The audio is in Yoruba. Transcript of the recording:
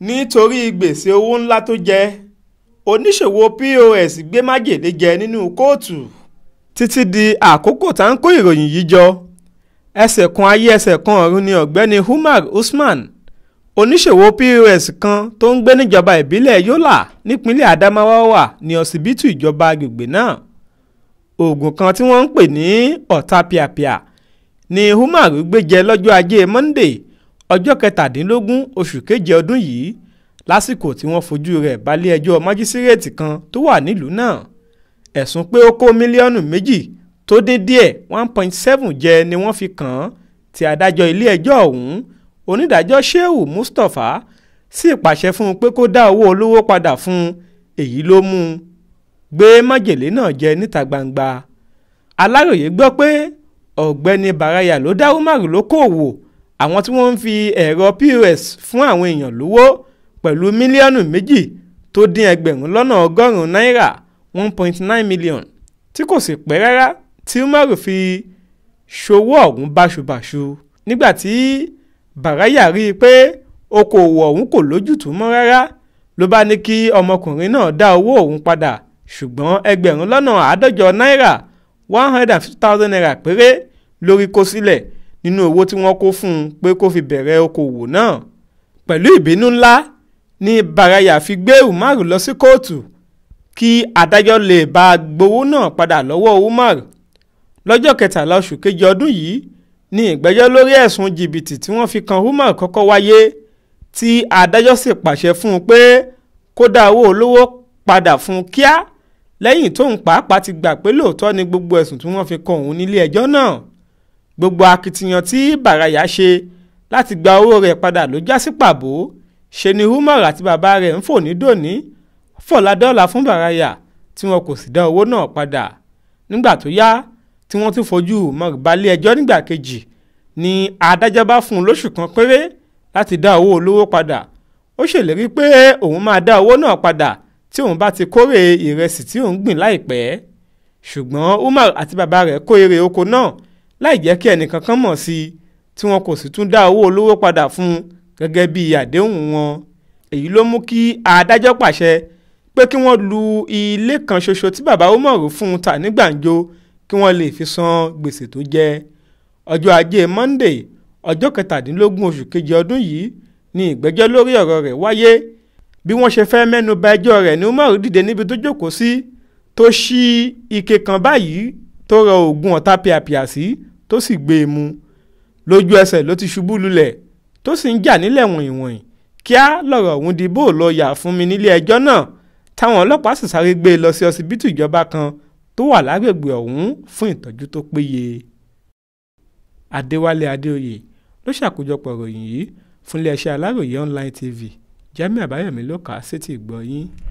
nítorí gbèsè owó ńlá tó jẹ oníṣòwò pọ́s gbé májèlé jẹ nínú kóòtù títí di àkókò tá ń kó ìròyìn yìí jọ ẹsẹ̀ kan ayé ẹsẹ̀ kan ọ̀run ni ọ̀gbẹ́ni Umar Usman oníṣòwò pọ́s kan tó ń gbé níjọba ìbílẹ̀ Yola nípínlẹ̀ Adamawa wà ní ọsibítù ìjọba agbègbè náà oògùn kan tí wọ́n ń pè ní ọ̀tá pìàpìà ni Umar gbé jẹ lọ́jọ́ ajé Monday ọjọ́ kẹtàdínlógún oṣù keje ọdún yìí lásìkò tí wọ́n fojú rẹ̀ balẹ̀-ẹjọ́ májísírèètì kan tó wà nílùú náà ẹ̀sùn pé ó kó mílíọ̀nù méjì tó dé díẹ̀ one point seven jẹ ni wọ́n fi kàn án tí adájọ́ ilé-ẹjọ́ ọ̀hún onídàájọ́ Shehu Mustapha sì pàṣẹ fún un pé kó dá owó olówó padà fún un èyí ló mú un gbé májèlé náà jẹ níta gbangba Aláròyé gbọ́ pé ọ̀gbẹ́ni Bàráyà ló dá Umaru lókòwò àwọn tí wọ́n ń fi ẹ̀rọ POS fún àwọn èèyàn lówó pẹ̀lú mílíọ̀nù méjì tó dín ẹgbẹ̀rún lọ́nà ọgọ́rùn-ún náírà one point nine million tí kò sì pẹ́ rárá tí Umaru fi ṣòwò ọ̀hún báṣubàṣu nígbà tí Bàráyà rí i pé okòòwò ọ̀hún kò lójútùú mọ́ rárá ló bá ní kí ọmọkùnrin náà dá owó òun padà ṣùgbọ́n ẹgbẹ̀rún lọ́nà àádọ́jọ náírà one hundred and fifty thousand naira péré lórí kó sílẹ̀ nínú owó tí wọ́n kó fún un pé kó fi bẹ̀rẹ̀ okòwò náà pẹ̀lú ìbínú ńlá ní Bàráyà fi gbé Umar lọ sí kóòtù kí adájọ́ lè bá a gbowó náà padà lọ́wọ́ Umar lọ́jọ́ kẹtàlá oṣù kejì ọdún yìí ní ìgbẹ́jọ́ lórí ẹ̀sùn jìbìtì tí wọ́n fi kan Umar kọ́kọ́ wáyé tí adájọ́ sì pàṣẹ fún un pé kó dá owó olówó padà fún un kíá lẹ́yìn tóun pàápàá ti gbà pé lóòótọ́ ni gbogbo ẹ̀sùn tí wọ́n fi kan òun nílé ẹjọ́ náà gbogbo akitiyan tí bàràyà ṣe láti gba owó rẹ̀ padà ló já sí pàbó ṣe ni umar àti bàbá rẹ̀ ń fò ní dòní fọ̀ládọ́là fún bàràyà tí wọn kò sì dá owó náà padà nígbà tó yá tí wọ́n tún fojú umar balẹ̀ ẹjọ́ nígbà kejì ni adájọ́ bá fún un lóṣù kan péré láti dá owó olówó padà ó ṣèlérí pé òun máa dá owó náà padà tí òun bá ti kórè ìrẹsì tí òun gbìn láìpẹ́ ṣùgbọ́n umar àti bàbá rẹ̀ kó èrè oko náà láì jẹ́ kí ẹnìkankan mọ̀ sí i tí wọn kò sì tún dá owó olówó padà fún un gẹ́gẹ́ bí àdéhùn wọn èyí ló mú kí adájọ́ pàṣẹ pé kí wọ́n lu ilé kan ṣoṣo tí bàbá Umar fún un tà ní gbàǹjo kí wọ́n lè fi san gbèsè tó jẹ ọjọ́ ajé Monday ọjọ́ kẹtàdínlógún oṣù kejì ọdún yìí ni ìgbẹ́jọ́ lórí ọ̀rọ̀ rẹ̀ wáyé bí wọ́n ṣe fẹ́ mẹ́nu bà ẹjọ́ rẹ̀ ni Umar dìde níbi tó jókòó sí tó ṣí ike kan báyìí tó rọ oògùn ọ̀tá pìàpìà sí tó sì gbé e mú lójú ẹsẹ̀ ló ti ṣubú lulẹ̀ tó sì ń jà nílẹ̀ wọ̀nyí wọ̀nyí kíá lọ̀rọ̀ ọ̀hún di bó lọ yà fún mi nílé ẹjọ́ náà táwọn ọlọ́pàá sì sáré gbé e lọ sí ọsibítù ìjọba kan tó wà lágbègbè ọ̀hún fún ìtọ́jú tó péye. Adéwálé Adéoyè ló ṣàkójọpọ̀ ìròyìn yìí fúnlé iṣẹ́ Aláròyé Online TV Jamiu Àbáyọ̀mí ló kà á sétí ìgbọ́ yín.